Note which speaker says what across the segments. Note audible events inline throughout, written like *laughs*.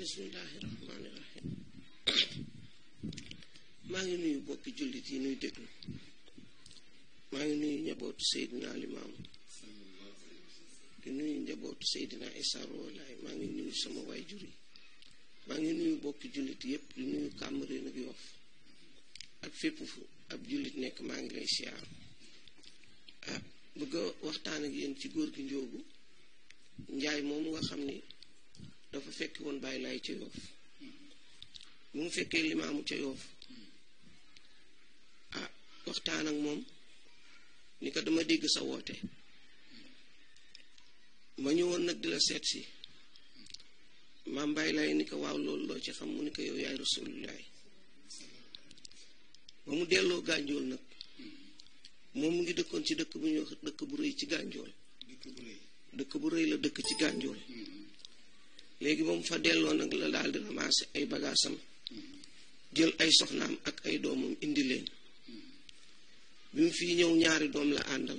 Speaker 1: bismillaahi
Speaker 2: rahmaani maa ngi nuyu bokki jullit yi nuy déglu maa ngi nuyu njabootu Seydina Limaamu di nuyu njabootu Seydina Isaa Ruuhu Laay maa ngi nuyu sama waajur yi maa ngi nuyu bokki jullit yépp di nuyu Kàmbareen ak ak fépp fu ab jullit nekk maa ngi lay siyaar ah waxtaan ak yéen ci góor gi njoogu njaay moom nga xam ni dafa fekki woon bàyyi laay ca yoof bu mu fekkee limaamu ca yoof ah waxtaan ak moom ni ko dama dégg sa woote ma ñëwoon nag di la seet si maam bàyyi laay ni ko waaw loolu loo ci xam mu ni ko yow yaay rasulullaay ba mu delloo gànjool nag moom mu ngi dëkkoon ci dëkk bu ñuy dëkk bu rëy ci gànjool dëkk bu rëy la dëkk ci gànjool mm-hmm. léegi ba mu fa delloo nag la daal di ramaase ay bagaasam jël ay soxnaam ak ay doomam indi leen bi mu fii ñëw ñaari doom la àndal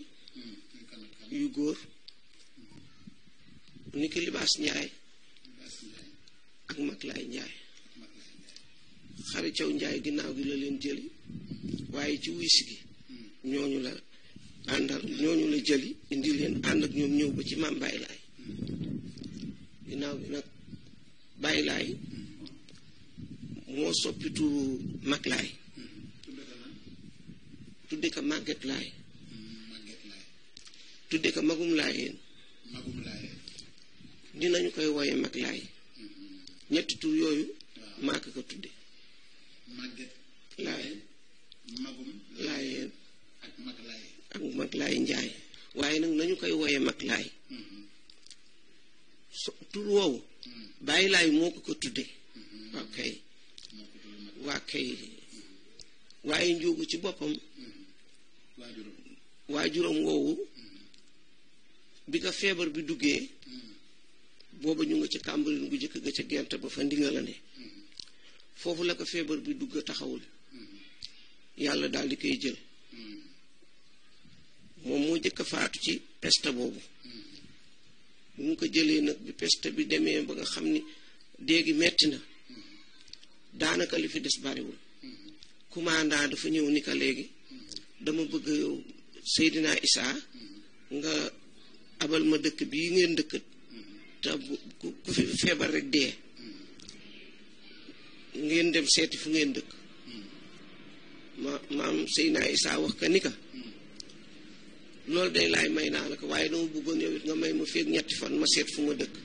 Speaker 2: yu góor ni ki libaas njaay ak mag laay njaay xari caw njaay ginnaaw gi la leen jëli waaye ci wuy ñooñu la àndal ñooñu la jëli indi leen ànd ak ñoom ñëw ba ci màmbaay laay ginnaaw gi nag bàyyi laay moo soppitu mag laay tudde ka màgget laay tudde ka magum laayeen dinañu koy woye mag laay ñetti tur yooyu maa ko ko tudde màgget laay magum laayeen ak mag laay ak mag laay njaay waaye nag nañu koy woye mag laay tur woowu bàyyi laay moo ko ko tudde waa kay waaye njuugu ci boppam waajuram woowu bi nga feebar bi duggee booba ñu nga ca kàmbarin bu jëkk ga ca gent ba fa ndinga la ne foofu la ko feebar bi dugg taxawul yàlla dal di koy jël moom moo jëkk faatu ci peste boobu bi mu ko jëlee nag bi peste bi demee ba nga xam ni déegi metti na daanaka li fi des bariwul commandant dafa ñëw ni ka léegi dama bëgg yow Seydina Isa nga abal ma dëkk bi ngeen dëkk te ku fi feebar rek dee ngeen dem seeti fu ngeen dëkk ma maam Seydina Isa wax ka ni ka loolu day laay may naa la ko waaye dama bëggoon yow nga may ma feeg ñetti fan ma seet fu ma dëkk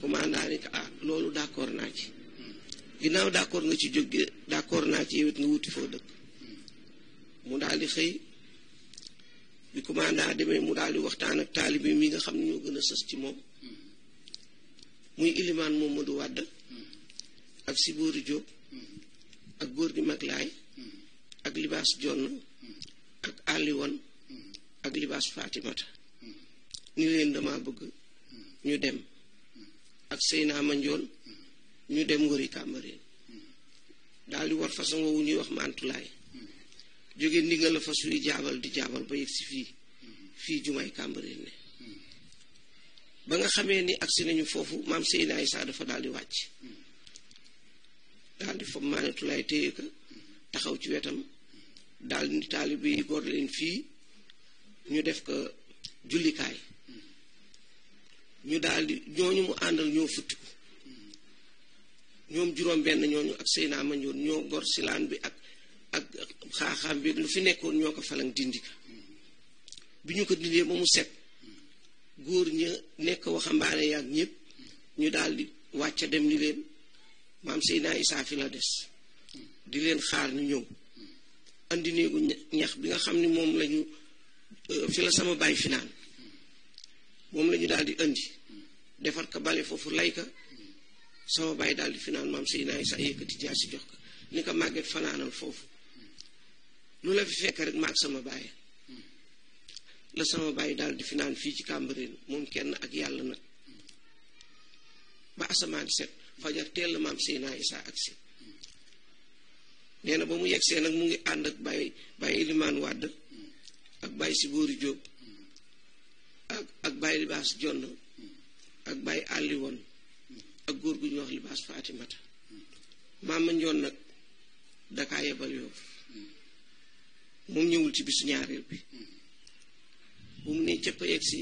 Speaker 2: commandant ni ah loolu d'accord naa ci ginnaaw d'accord nga ci jóge d'accord naa ci yow it nga wuti foo dëkk mu daal di xëy bi commandant demee mu daal di waxtaan ak taalibe mi nga xam ne ñoo gën a sës ci moom muy ilimaan Momadou Wade ak Sibori Diop ak góor gi mag laay ak libaas jonn àlli woon ak libaas fatimata ni leen dama bëgg ñu dem ak Seyna Mandione ñu dem wëri Cambérène daal di war façon woowu ñuy wax mantulaay jóge ndigal la fas yuy jaabal di jaabal ba yegg si fii fii jumaay Cambérène ne ba nga xamee ni agsi nañu foofu maam Seyna Issa dafa daal di wàcc daal di fa mantulaay téye ka taxaw ci wetam daal ni taalibe yi gor leen fii ñu def ko jullikaay ñu daldi di ñooñu mu àndal ñoo futtiku ñoom juróom benn ñooñu ak Seyna Mandione ñoo gor silaan bi ak ak xaaxaam bi lu fi nekkoon ñoo ko falang dindi bi ñu ko dindee ba mu set góor ña nekk waxambaane yaag ñépp ñu daldi di wàcc dem ni leen maam Seyna Isaa la des di leen xaar ñu ñëw andi néegu ñax bi nga xam ni moom lañu euh, fi la sama baay finaan naan moom lañu daal di andi defar ka bale foofu lay ka sama baay daal di fi naan maam si naay sa yëkkati jaar si jox ko ni ko màgget fanaanal foofu lu la fi fekk rek maag sama baay la sama baay daal di fi fii ci Cambérène moom kenn ak yàlla na ba asamaan set fajar teel la maam si naay sa ak si nee na ba mu yegsee nag mu ngi ànd ak Baye Baye Elimane Wade ak Baye Sibori Diop ak ak Baye Libaas Jonn ak Baye Alli Won ak góor gu ñuy wax Libaas Fatimata maama Njoon nag dakaa yebal Yoof moom ñëwul ci bisu ñaareel bi bu mu ne cëpp a yegsi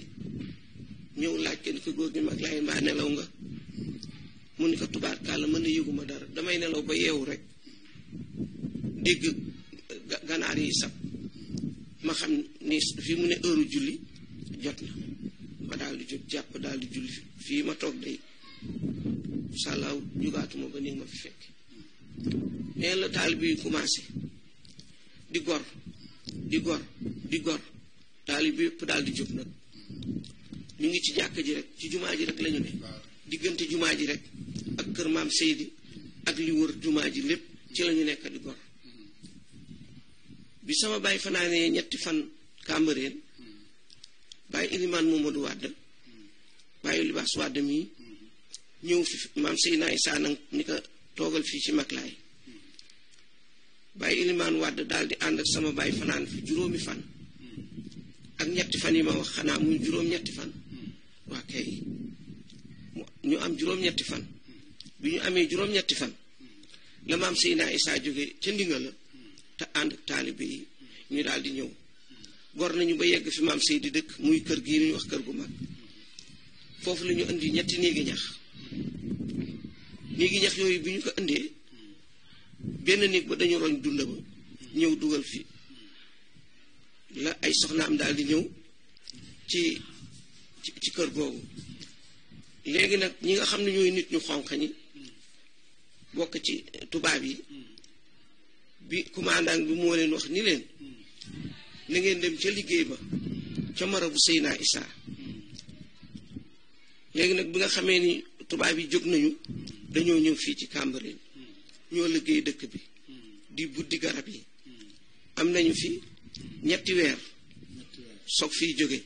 Speaker 2: ñëw laaj ko ni ko góor gi mag laay mbaa nelaw nga mu ni ko tubaat kàlla mën a yëguma dara damay nelaw ba yeewu rek dégg ganaar yi sab ma xam ni fi mu ne heure julli jot na ma di jóg jàpp daal di julli fii ma toog day sàllaaw jugaatuma ba ni ma fi fekk nee la taal bi commencé di gor di gor di gor taal bi yëpp daal di jóg nag ñu ngi ci jàkk ji rek ci jumaa ji rek lañu ne diggante jumaa ji rek ak kër maam Seydi ak li wër jumaa ji lépp ci lañu nekk di gor bi sama bàyyi fanaanee ñetti fan kàmbareen bàyyi ilimaan Momadou Wade bàyyi libaas Wade mii ñëw fi maam Seydina Issa nag ni ko toogal fii ci Maklaay bàyyi ilimaan Wade daal di ànd ak sama bàyyi fanaan fi juróomi fan ak ñetti fan yi ma wax xanaa muy juróom-ñetti fan waa kay ñu am juróom-ñetti fan bi ñu amee juróom-ñetti fan la maam Seydina Issa jóge ca ndinga la te ànd ak taalibe yi ñu daal ñëw gor nañu ba yegg fi maam di dëkk muy kër gi gii ñu wax kër gu mag foofu lañu indi ñetti néegi ñax néegi ñax yooyu bi ñu ko indee benn néeg ba dañu roñ dund ba ñëw dugal fi la ay soxnaam daal di ñëw ci ci kër googu léegi nag ñi nga xam ne ñooy nit ñu xonq bokk ci tubaab yi bi commandant bi moo leen wax ni leen na ngeen dem ca liggéey ba ca marabu Seyna Isa léegi nag bi nga xamee ni tubaab yi jóg nañu dañoo ñëw fii ci Cambérène ñoo liggéey dëkk bi di buddi garab yi am nañu fi ñetti weer sog fiy jóge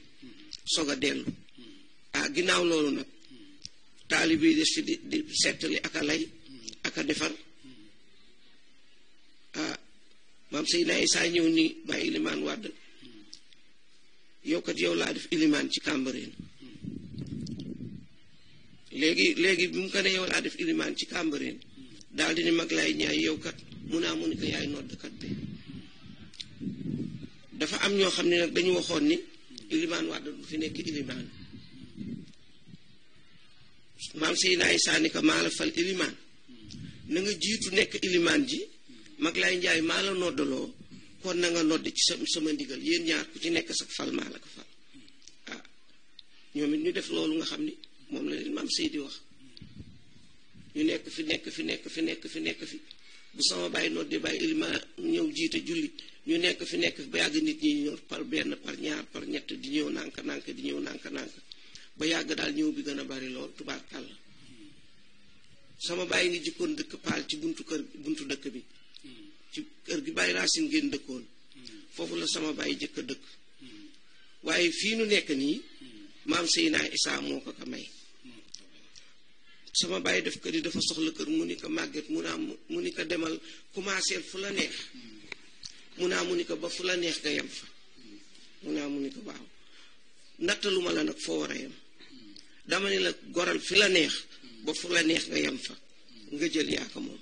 Speaker 2: soog a dellu ah ginnaaw loolu nag taalibe yi des di di settali ak lay ak defar ah maam Seydina Isaa ñëw ni bàyyi ilimaan wàdd yow kat yow laa def ilimaan ci Cambérène léegi léegi bi mu ko ne yow laa def ilimaan ci Cambérène daal di ne mag laay ñaay yow kat mun naa mu ne ko yaay noddkat dafa am ñoo xam ne nag dañu waxoon ni ilimaan wàdd du fi nekk ilimaan maam Seydina Isaa ni ko maa la fal ilimaan na jiitu nekk ilimaan ji mag lay njaay maa la noddaloo kon na nga nodd ci sama ndigal yéen ñaar ku ci nek sax fal maa la ko fal ah ñoom it ñu def loolu nga xamni mom la leen maam seydi wax ñu nek fi nek fi nek fi nek fi nek fi bu sama bàyyi nodde bay ilma ñew jiite julli ñu nek fi nek ba yag nit ñi ñor par ben par ñaar par ñett di ñew nank nank di ñew nank nank ba yag dal ñew bi gëna bari lool tubarkal sama bay ngi jikkoon dëkk pal ci buntu kër buntu dëkk bi ci kër gi bàyyi racine ngeen dëkkoon foofu la sama bàyyi jëkk a dëkk waaye fii nu nekk nii maam Seydina Isaa moo ko ko may sama bàyyi def kër yi dafa soxla kër mu ni ko màgget mu naa mu ni ko demal commencé fu la neex mu naa mu ni ko ba fu neex nga mu naa mu ni ko waaw nattaluma la nag foo war a yem dama ni la goral fi la neex ba fu la neex nga yem fa nga jël yaa ko moom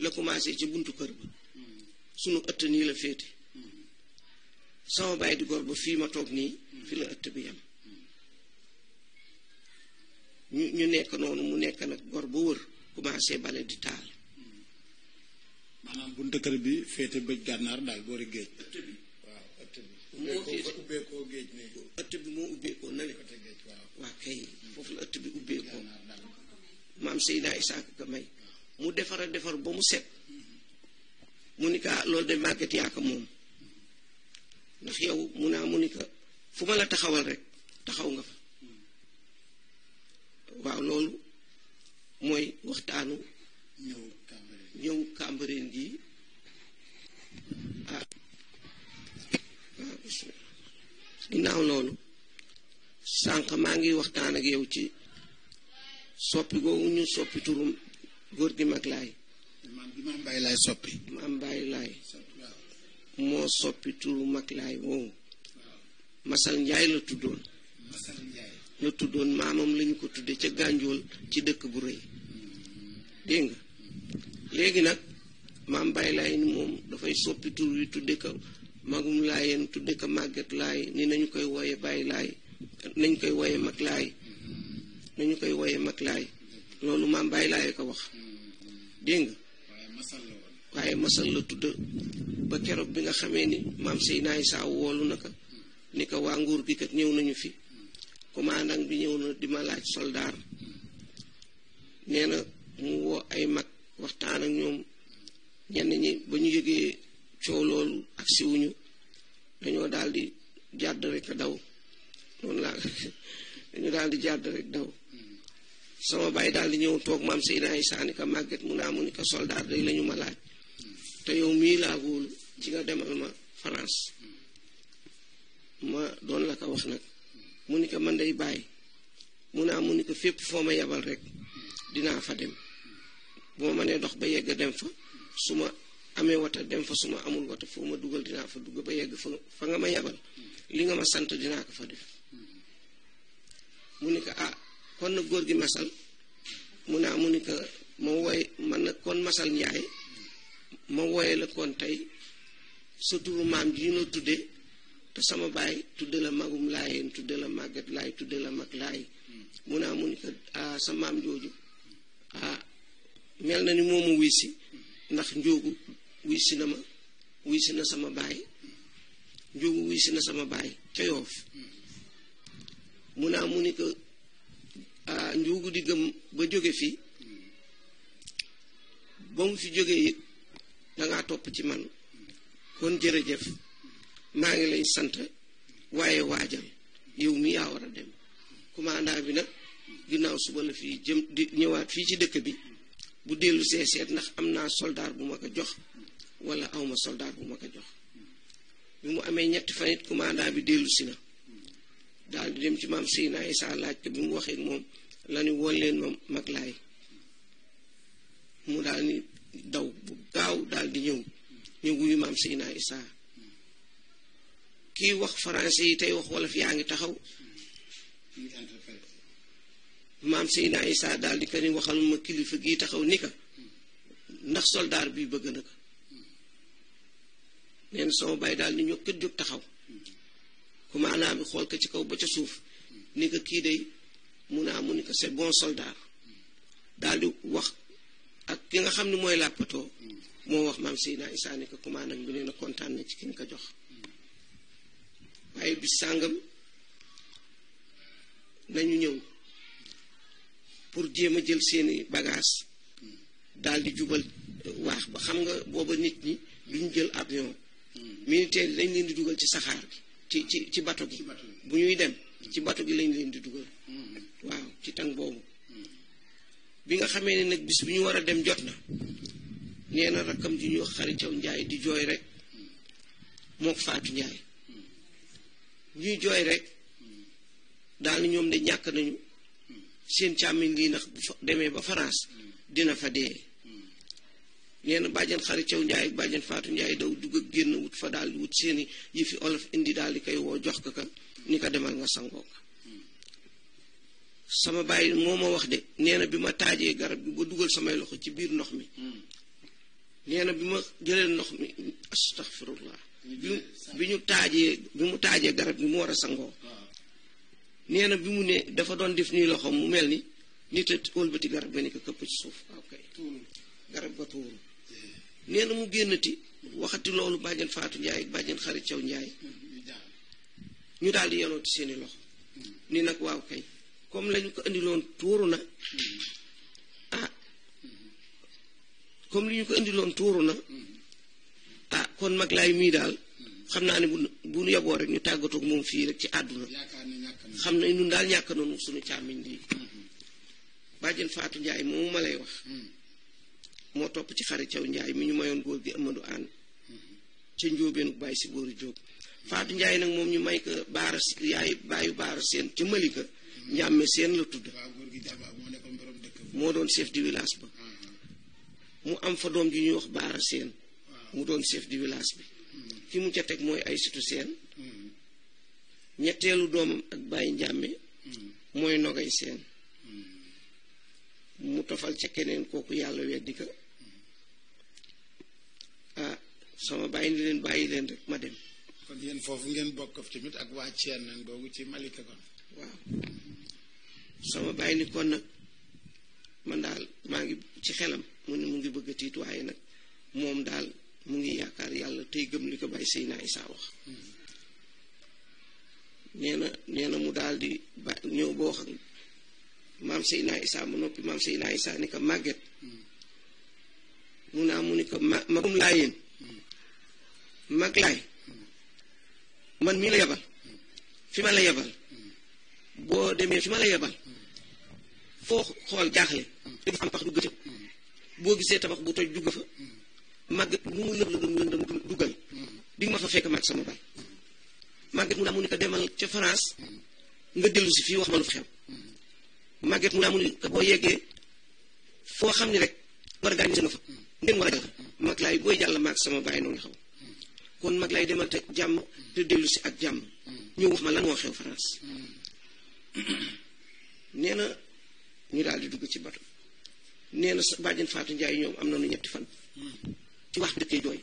Speaker 2: la commencé ci buntu kër ba sunu ëtt nii la féete sama bàyyi di gor ba fii ma toog nii fi la ëtt bi yam ñu ñu nekk noonu mu nekk nag gor ba wër commencé bale di taal maanaam buntu kër bi féete bëj gànnaar daal boori géej bi waaw ëtt bi
Speaker 3: ubbeekoo géej ne
Speaker 2: ëtt bi moo ubbeekoo na le waaw kay foofu la ëtt bi ubbeekoo maam Seydina Isaaka ka may mu defar defar ba mu set mu ni kaa loolu de màgget yaa ko moom ndax yow mu naa mu ni ka fu ma la taxawal rek taxaw nga fa waaw loolu mooy waxtaanu ñëw ñëw kàmbareen gi ah, ah loolu sànq maa ngi waxtaan ak yow ci soppi googu ñu soppi turum góor gi mag laay maam bàyyi laay soppi maam bàyyi laay moo soppi turu mag laay woowu masal njaay la tuddoon la tuddoon maamam lañu ko tudde ca gànjool ci dëkk bu rëy hmm. dégg léegi nag maam bàyyi lay ni moom dafay soppi tur wi tudde ka magum laayeen tudde ka màgget laay ni nañu koy wooye bàyyi laay nañ koy wooye mag laay nañu koy wooye mag lay hmm. loolu maam bàyyi laay ko wax dégg waaye masal la tudd ba keroog bi nga xamee ni maam Seydina Isaa woolu na ko ni ko waa nguur gi kat ñëw nañu fi commandant bi ñëw na di ma laaj soldaar nee mu woo ay mag waxtaan ak ñoom ñenn ñi ba ñu yëgee coow loolu ak siwuñu dañoo daldi di jàdd rek daw *laughs* dañu daal jàdd rek daw sama baay daal di ñëw toog maam Seydina Isaa ni ko màgget mu naa ah, mu ni ko soldaar day lañu ma laaj te yow mii laa wóolu ci nga demal ma France ma doon la ko wax nag mu ni ko man day bàyyi mu naa ah, mu ni ko fépp foo ma yabal rek dinaa fa dem boo ma nee dox ba yegg dem fa su ma amee wata dem fa su ma amul wata foo ma dugal dinaa fa dugg ba yegg fa nga ma yabal li nga ma sant dinaa ko fa def mu ni ko ah kon na góor gi masal mu naa mu ni ko ma woy man nag kon masal njaay ma woye la kon tey sa turu maam ji ñu tudde te sama baay tudde la magum laayeen tudde la màggat mag laay mu naa mu ni ko sa maam jooju ah mel na ni moomu wuy si ndax njóogu wuy si na sama baay njóogu wuy si na sama baay ca yoof mu naa mu ni ko Ah, njuugu di gëm ba jóge fi ba mu fi jóge it dangaa topp ci man kon jërëjëf maa ngi lay sant waaye waajal yow mi yaa war a dem commandant bi nag ginnaaw suba la fii jëm di ñëwaat fii ci dëkk bi bu dellu see seet ndax am naa soldaar bu ma ko jox wala awma soldaar bu ma ko jox bi mu amee ñetti fan it bi dellusi na daal di dem ci maam Sina Isa laaj ko bi mu waxee moom lañu ni leen ma mag laay mu daal ni daw bu gaaw daal di ñëw ñu wuyu maam Sina Isa kii wax français yi tey wax wolof yaa ngi taxaw maam Sina Isa daal di ko ni waxal ma kilifa gii taxaw ni ka ndax soldaar bi bëgg na ko neen sama baay daal di ñoo kët jóg taxaw bu maanaam xool ko ci kaw ba ca suuf ni ko kii day mun a mu ni ko bon soldat daal di wax ak ki nga xam ne mooy làppatoo moo wax maam Seydina Isaa ni ko commandant bi nee na kontaan na ci ki nga ko jox waaye bis sàngam nañu ñëw pour jéem a jël seeni bagage daal di jubal euh, waax ba xam nga booba nit ñi duñ jël avion mm. militaire yi dañ leen di dugal ci saxaar bi ci ci ci bato gi bu ñuy dem ci bato gi lañ leen di dugal waaw ci tàng boobu bi nga xamee ne nag bis bu ñu war a dem jot na nee na rakkam ji ñu xarit caw njaay di jooy rek mook faatu njaay ñuy jooy rek daal ñoom de ñàkk nañu seen càmmiñ lii nag bu demee ba faranse dina fa dee neena bajjan bàjjan xari caw njaay nyai, fatou duga njaay daw dugg wut fa dal wut seeni yifi olof indi dal kay wo jox ko kan ni ka demal nga sango sama bàyyi moma wax de neena bima bi garab bi bo dugal sama loxo ci bir ndox mi neena bima mi astaghfirullah biñu bi bimu garab bi mu wara sango neena bimu ne dafa don def ni loxo mu melni ni nit garab ga ni ko ci suuf garab ga nee na mu génnati waxati loolu bàjjen Faatu Njaay ak bàjjen xarit Caw Njaay ñu daal di ci seeni loxo ni nag waaw kay comme lañu ko indiloon tuuru na ah comme li ñu ko indiloon tuuru na ah kon mag laay mii daal xam naa ni bu bu yaboo rek ñu tàggatoog moom fii rek ci àdduna xam na ñun daal ñàkk noonu suñu càmmiñ lii bàjjen Faatu Njaay moomu ma lay wax moo topp ci xari caw njaay mi ñu mayoon góor gi Amadou Anne ca njóobeen bàyyi si góoru jóob Faatu Njaay nag moom ñu may ko baara yaay baayu baara seen ca Malika njàmme seen la tudd moo doon chef di village mu am fa doom ñuy wax doon chef de village bi hmm. ki mu ca teg mooy ay situ seen hmm. ñetteelu doomam ak bàyyi njàmme hmm. mooy nogay seen mu tofal ca keneen kooku yàlla weddi sama bàyyi ni leen bàyyi
Speaker 3: leen rek ma dem kon foofu ngeen bokk tamit ak waa Ceeneen boobu ci Malika kon waaw
Speaker 2: sama bàyyi ni kon nag man daal maa ngi ci xelam mu ne mu ngi bëgg a tiit waaye nag moom daal mu ngi yaakaar yàlla tey gëm li ko bàyyi sëy naa Isaa wax nee na nee na mu daal di ba ñëw boo xam maam sëy naa Isaa ma noppi maam sëy naa Isaa ni ko màgget mu ne mu ni ko ma laa yéen mag laay man mii la yebal fi ma la yebal boo demee fi ma la yebal foo xool jaaxle te bu am pax dugg ca boo gisee tabax bu toj dugg fa màggat lu mu lëndëm lëndëm duggal di nga ma fa fekk mag sama bay màggat mu daa mu ne ko demal ca France nga dellu si fii wax ma lu fa xew màggat mu daa mu ne ko boo yeggee foo xam ne rek war a gaañ sa nga fa ngeen war a jàll mag laay booy jàll mag sama bay noonu xaw kon mag lay demal te jàmm te dellu si ak jàmm ñu wax ma lan moo xew France nee na ñu daal di dugg ci bato nee na bàjjen Fatou Ndiaye ñoom am na nu ñetti fan ci wax dëkkee jooy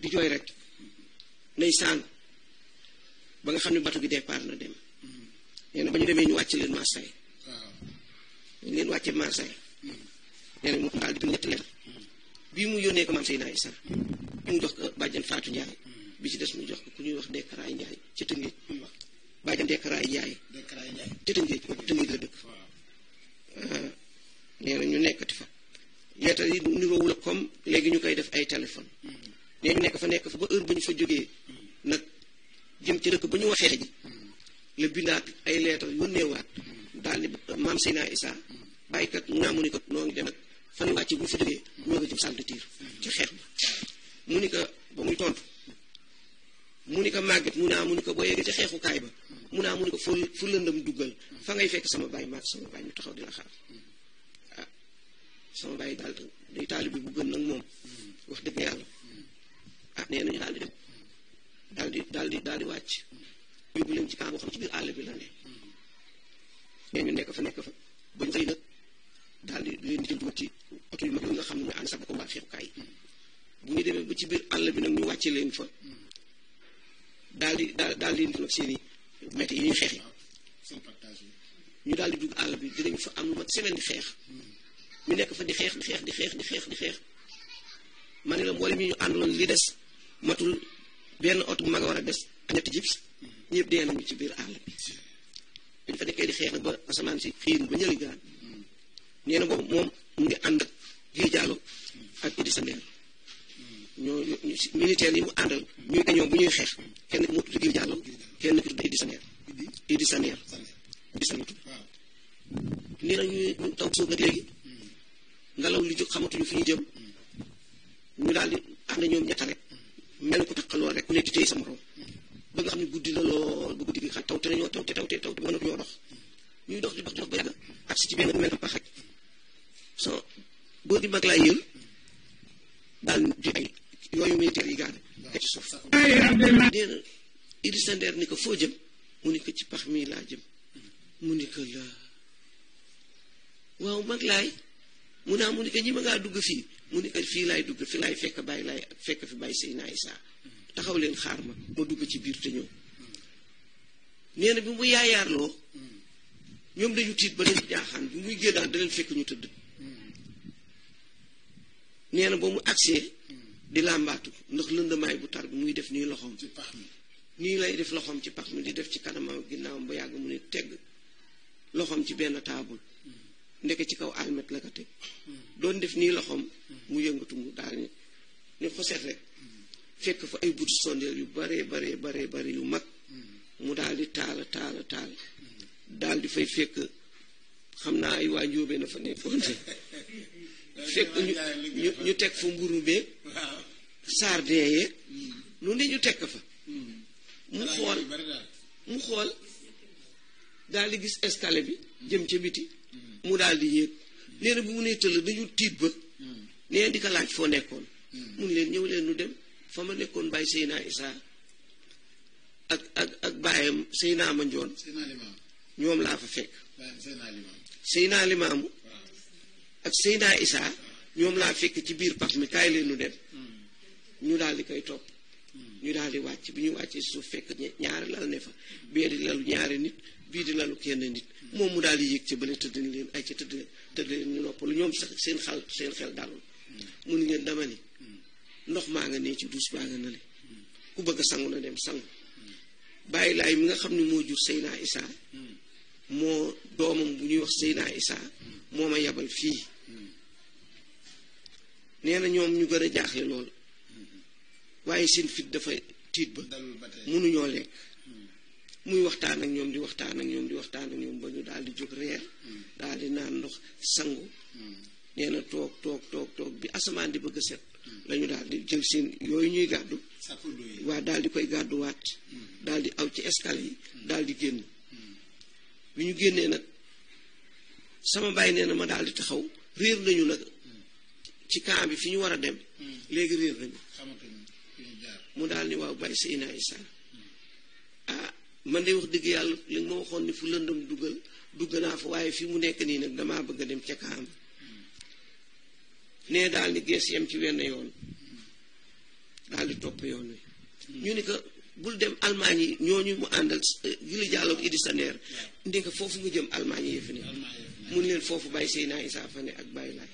Speaker 2: di jooy rek ndeysaan ba nga xam ne bato gi départ na dem nee na ba ñu demee ñu wàcc leen Marseille ñu leen wàcce Marseille mm. nee na mu daal ñetti lettre bii mu yónnee ko maam Seydina Issa bi mu jox ko bàjjan Faatu Njaay bi ci des mu jox ko ku ñuy wax Dekkaraay Njaay ca Tëngéej bàjjan Dekkaraay Njaay ca Tëngéej kooku Tëngéej la dëkk euh, nee na ñu nekkati fa leetar yi niroowu la comme léegi ñu koy def ay téléphone nee ñu nekk fa nekk fa ba heure ba ñu fa jógee nag jëm ci dëkk ba ñu waxee ji la bindaat ay leetar yónneewaat daal ni maam Seydina Issa bàyyikat mu naa mu ni ko noo ngi nag fan ñu wàcce bu ñu fa jógee ñoo nga jëm salle de ci xeex bi mu ni ko ba muy tontu mu ni ko màgget mu naa ah, mu ni ko boo yeggee ci xeexukaay ba mu naa ah, mu ni ko fu fu lëndam duggal fa ngay fekk sama baay maag sama baay ñu taxaw di la xaar ah sama baay daal day bu gën nag moom wax dëgg yàlla ah nee nañu daal di dem daal di daal di daal di wàcc yóbbu leen ci camp boo xam ci biir àll bi la ne nee ñu nekk fa nekk fa bañ xëy nag daal di leen di jëm dugal ci oto yu mag yooyu nga xam ne mooy ànd sax ba ko mbaal feexukaay bu ñu demee ba ci biir àll bi nag ñu wàccee leen fa daal di daal daal di ñuy xeexi ñu daal di àll bi dinañ fa am lu mat semaine di xeex mu nekk fa di xeex di xeex di xeex di xeex di xeex ma ne la mboolem mi ñu li des matul benn oto bu mag a war a des ak ñetti jibs ñëpp dee nañu ci biir àll bi dañ fa nekkee di xeex nag ba asamaan si xiin ba ñëli gaan nee na mom mu ngi and ak Yaya Diallo ak Idrissa Nder ñoo militaire yi mu àndal ñuy dañoo bu ñuy xex kenn mu tuddi tudd Yaya Diallo kenn ki tudd idi Nder Idrissa Nder Idrissa Nder ni la ñuy taw suuf nak legi ngalaw li jóg xamatuñu fi ñu jëm ñu daal di ànd ñoom ñata rek mel ko takkaloo rek ku ne di téye sa morom ba nga xamni guddi la lool bu guddi bi xat taw te nañoo taw te taw te taw te ñoo dox ñuy dox di dox dox ba yàgg ak si ci benn mel ba pax so boo di mag laa yël daal di ay yooyu militaire yi gaane ka ci suuf nee ni ko foo jëm ko ci pax mii jëm muni ko la waaw mag lay muna muni ko ñi ma ngaa dugg fi muni ko fi lay dugg fi lay fekk bay lay fekk fi bay sayna isa taxaw leen xaar ma ma dugg ci biir te neena bi mu lo ñom dañu tit ba leen bi muy gëdal da fekk ñu tudd nee na ba mu agsee di làmbaatu ndax lëndamaay bu tar bi muy def nii loxoom ci pax nii lay def loxoom ci pax mi di def ci kanamam ginnaawam ba yàgg mu ne teg loxoom ci benn taabul ndeke ci kaw almet la ko teg doon def nii loxoom mu yëngatu mu daal ni ni rek fekk fa ay buti sondeel yu bare bare bare bare yu mag mu daal di taala taal taala di fay fekk xam naa ay waa njóobee na fa nekkoon fekk ñu ñu teg fa mburu beeg sardin yeeg lu ne ñu teg fa mu xool mu xool daal di gis escalier bi jëm ca biti mu daal di yéeg nee na bu mu nee tëll dañu tiit ba nee di ko laaj foo nekkoon mun leen ñëw leen nu dem fa ma nekkoon bàyyi Seynaa Isaa ak ak ak bàyyam Seynaa ma njoon ñoom laa fa fekk Seynaa Limaamu ak Seyda Isa ñoom laa fekk ci biir pax mi kaay leenu dem ñu daal di koy topp ñu daal di wàcc bi ñu wàccee suuf fekk ñaari lal ne fa bee di lalu ñaari nit bii di lalu kenn nit moom mu daal di yéeg ca bële tëdd leen ay ca tëdd tëdd ñu ñu lu ñoom sax seen xal seen xel dalul mu ni leen dama ni ndox maa nga nee ci duus baa ku bëgg a sangu na dem sangu bàyyi laay mi nga xam ne moo jur Seyna Isa moo doomam bu ñuy wax Seyna Isa moo ma yabal fii nee na ñoom ñu gën a jaaxle lool waaye seen fit dafa tiit ba mënuñoo lekk muy waxtaan ak ñoom di waxtaan ak ñoom di waxtaan ak ñoom ba ñu daal di jóg reer daal di naan ndox sangu nee toog toog toog toog bi asamaan di bëgg a set la ñu daal di jël seen yooyu ñuy gàddu waa daal di koy gàdduwaat daal di aw ci eskale yi daal di génn bi ñu génnee nag sama bàyyi nee na ma daal di taxaw réer lañu nag ci camp bi fi ñu war a dem hmm. léegi réer nañu mu daal ni waaw bàyyi sa inaa isa ah, man de wax dëgg yàlla li ma waxoon ni fu lëndam duggal dugg naa fa waaye fi mu nekk nii nag damaa bëgg a dem ca camp hmm. nee daal ni gees yem ci wenn yoon daal di topp yoon wi hmm. ñu ni ko bul dem Allemagne yi ñooñu mu àndal gili eh, jàlloog Idi Saneer ndi nga foofu nga jëm Allemagne yi fi ne mun leen foofu bàyyi Seydina Isa fa ne ak bàyyi laay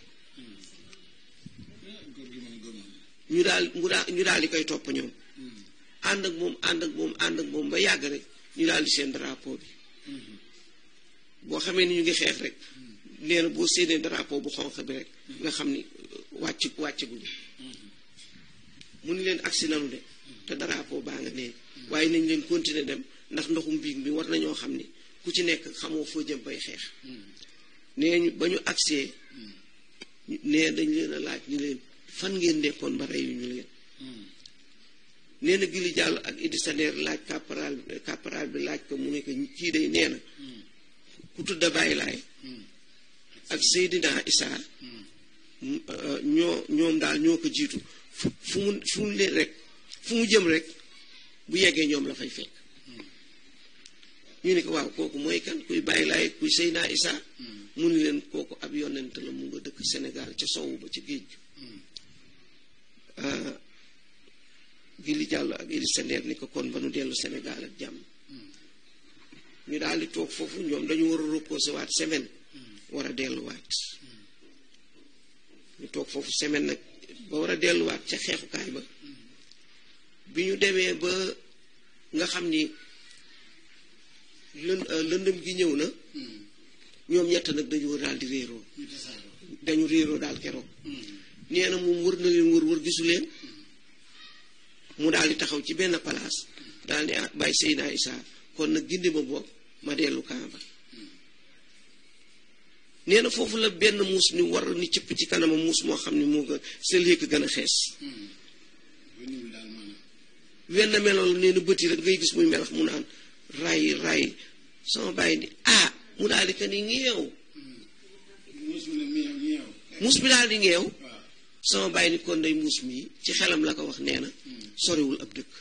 Speaker 2: ñu daal mu daal ñu daal di koy topp ànd ak moom ànd ak moom ànd ak moom ba yàgg rek ñu daal di seen drapeau bi boo xamee ni ñu ngi xeex rek nee na boo séenee drapeau bu xonq bi rek nga xam ni wàcc wàcc guñu mu ni leen agsi nanu de te drapeau baa nga nee waaye nañ leen continuer dem ndax ndoxum biig bi war nañoo xam ni ku ci nekk xamoo foo jëm bay xeex nee ba ñu agsee nee dañ leen a laaj ñu leen fan ngeen dekkoon ba rey ñu leen nee na jàll ak Idi Saneer laaj caporal bi laaj ko mu ne ko kii day nee na ku tudda bàyyi laay ak Seydina Isa ñoo ñoom daal ñoo ko jiitu fu fu mu fu mu leen rek fu mu jëm rek bu yeggee ñoom la fay fekk ñu ne ko waaw kooku mooy kan kuy bàyyi laay kuy Seydina Isa mu ni leen kooku ab yonent la mu nga dëkk Sénégal ca soowu ba ca géej gi li jàll ak Idy Sendeer ni ko kon ba nu dellu Sénégal ak jàmm ñu daal di toog foofu ñoom dañu war a reposé waat semaine war a delluwaat toog foofu semaine nag ba war a delluwaat ca xeexukaay ba bi ñu demee ba nga xam ni lën lëndëm gi ñëw na ñom ñett nag dañoo dal di rero, dañu rero dal kéro néna mu mur na leen wër wër gisu mu dal di taxaw ci benn place dal di bay sayyida Isa kon nak gindi ma bok ma dellu kamba néna fofu la mus ni war ni cëpp ci kanam mus mo xamni mo moo gën sa léeg gën wenn melol néna Rai, bëti rek ngay gis muy melax mu naan ray ray sama bay ni ah mu daal di que ni ngeew. muus bi daal di ngeew. sama bàyyi ni kon day muus mii ci xelam la ko wax nee na. Mm. soriwul ab dëkk.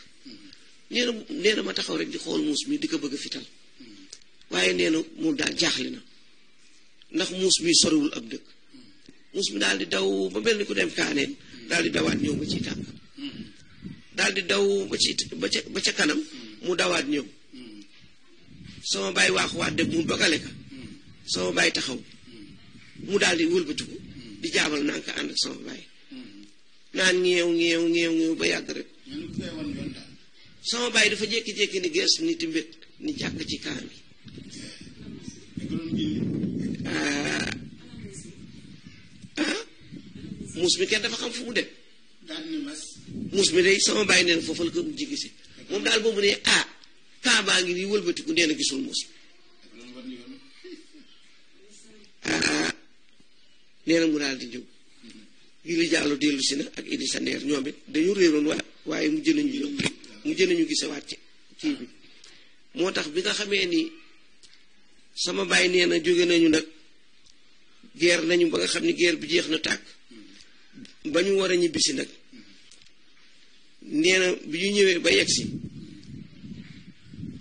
Speaker 2: Mm-hmm. nee ma taxaw rek di xool muus mii di ko bëgg a fital. Mm-hmm. waaye nee na mu daal jaaxle na ndax muus mi soriwul ab dëkk. Mm-hmm. muus mi daal di daw ba mel ku dem kaaneen. daal di dawaat ñëw ba ciy tànk. dal di daw ba ci ca ba ca kanam. mu dawaat ñëw. sama baay waaxu wax dem mu dogale ka sama baay taxaw mu daal di wëlbatiku bi jaamal naa ko ànd ak sama baay naan ñeew ñeew ñeew ba yàgg rek sama baay dafa jékki-jékki ni gees ni timbét ni jàkk ci kaam yi ah. Ah. muus mi kenn dafa xam fu mu dem muus mi day sama baay neen foofu la ko moom daal boobu ne ah kaaba ngi nii wëlbatiku nee neena gisul muus neena mu dal di jóg yili jàllu dellu si na ak idi sa neer ñoom it dañu reeroon wa waye mu jënañu ñu mu gisse wat ci ci bi motax bi nga xamee ni sama bàyyi neena na nañu nak geer nañu ba nga xamni geer bi jeex na tak bañu wara ñibisi nak neena bi ñu ba yexi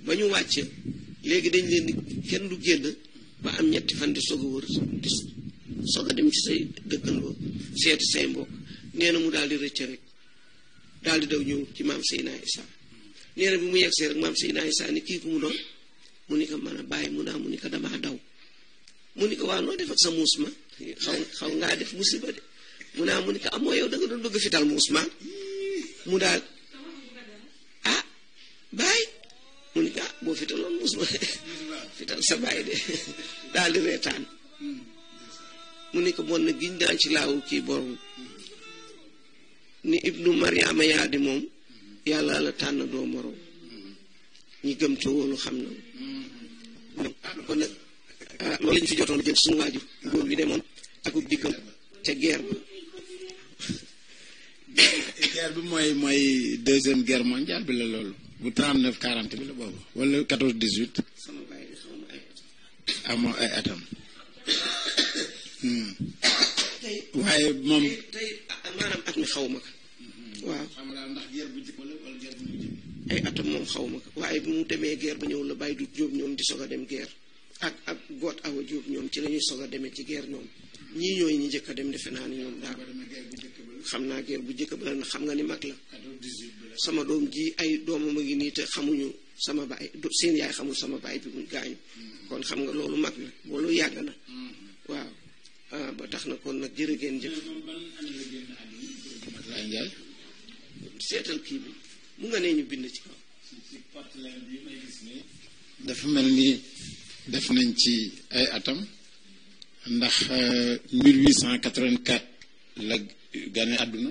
Speaker 2: ba ñu wàcc léegi dañ leen di kenn du génn ba am ñetti fan di soog a wër di dem ci say dëkkandoo seeti say mbokk nee na mu daal di rëcc rek daal di daw ñëw ci maam Seyna Isa nee na bi mu yegsee rek maam Seyna Isa ni kii ku mu doon mu ni ko mën a bàyyi mu naa mu ni ko damaa daw mu ni ko waa noo def ak sa muus ma xaw xaw ngaa def musiba de mu naa mu ni ko amoo yow da nga doon bëgg fital muus ma mu daal ah bàyyi mu ne ah boo fitaloon musuma *laughs* fital sa baay de *laughs* daal di reetaan mu ne ko bon na giñ naa ci laawu kii borom ni ibnu mariama yaa di moom yàlla la tànn doo morom ñi gëm te wóolu xam na kon nag ah, loolu lañu fi jotoon jëm suñu waaju góor bi demoon ak dikkam ca guerre ba
Speaker 3: *coughs* guerre bi mooy mooy deuxième guerre mondiale bi la loolu bu 39 40 bi la boobu wala 14 18.
Speaker 2: amoo ay atam. Hmm. waaye moom. tey maanaam at mi xaw ma ko. xam nga ndax guerre bu bu njëkk ay atam moom xaw ma ko waaye mu demee guerre ba ñëw la bàyyi du jóob ñoom di soog a dem guerre ak ak goot awa jóob ñoom ci la ñuy soog a demee ci guerre ñoom ñii ñooy ñi njëkk a dem defe naa ni ñoom daal xam naa guerre bu njëkk ba la xam nga ni mag la. sama doom ji ay doomam a ngi nii te xamuñu sama baay seen yaay xamul sama baay bi mu gaañu kon xam nga loolu mag na loolu yàgg na waaw ah, ba tax na kon nag jërë ngeen jëf seetal kii bi mu nga nee ñu
Speaker 3: bind ci kaw dafa mel ni def nañ ci ay atam ndax 1884 euh, la gane àdduna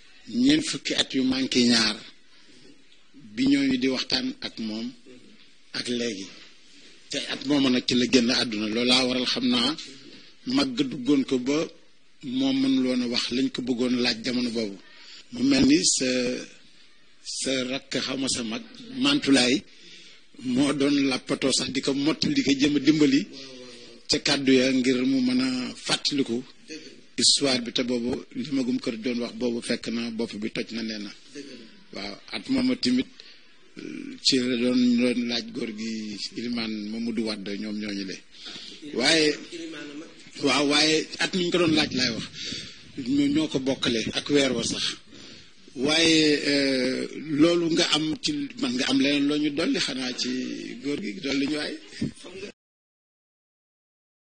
Speaker 3: ñeent fukki at yu manqué ñaar bi ñooñu di waxtaan ak moom ak léegi te at mooma nag ci la génn àdduna laa waral xam naa màgg goon ko ba moo mënuloon a wax lañ ko bëggoon laaj jamono boobu mu mel ni sa sa rakk xawma sa mag mantulaay moo doon làppatoo sax di ko mottali di ko jëm dimbali ca kàddu ya ngir mu mën a fàttaliku histoire bi te boobu li magum kër doon wax boobu fekk na bopp bi toj na nee na waaw at mooma timit ci la doon laaj góor gi ilimaan Mamadou Wade ñoom ñooñu le waaye waaw waaye at mu ñu ko doon laaj laay wax ñoo ko bokkale ak weer wa sax waaye euh, loolu nga am ci man nga am leneen loo ñu dolli xanaa ci góor gi dolli ñu waaye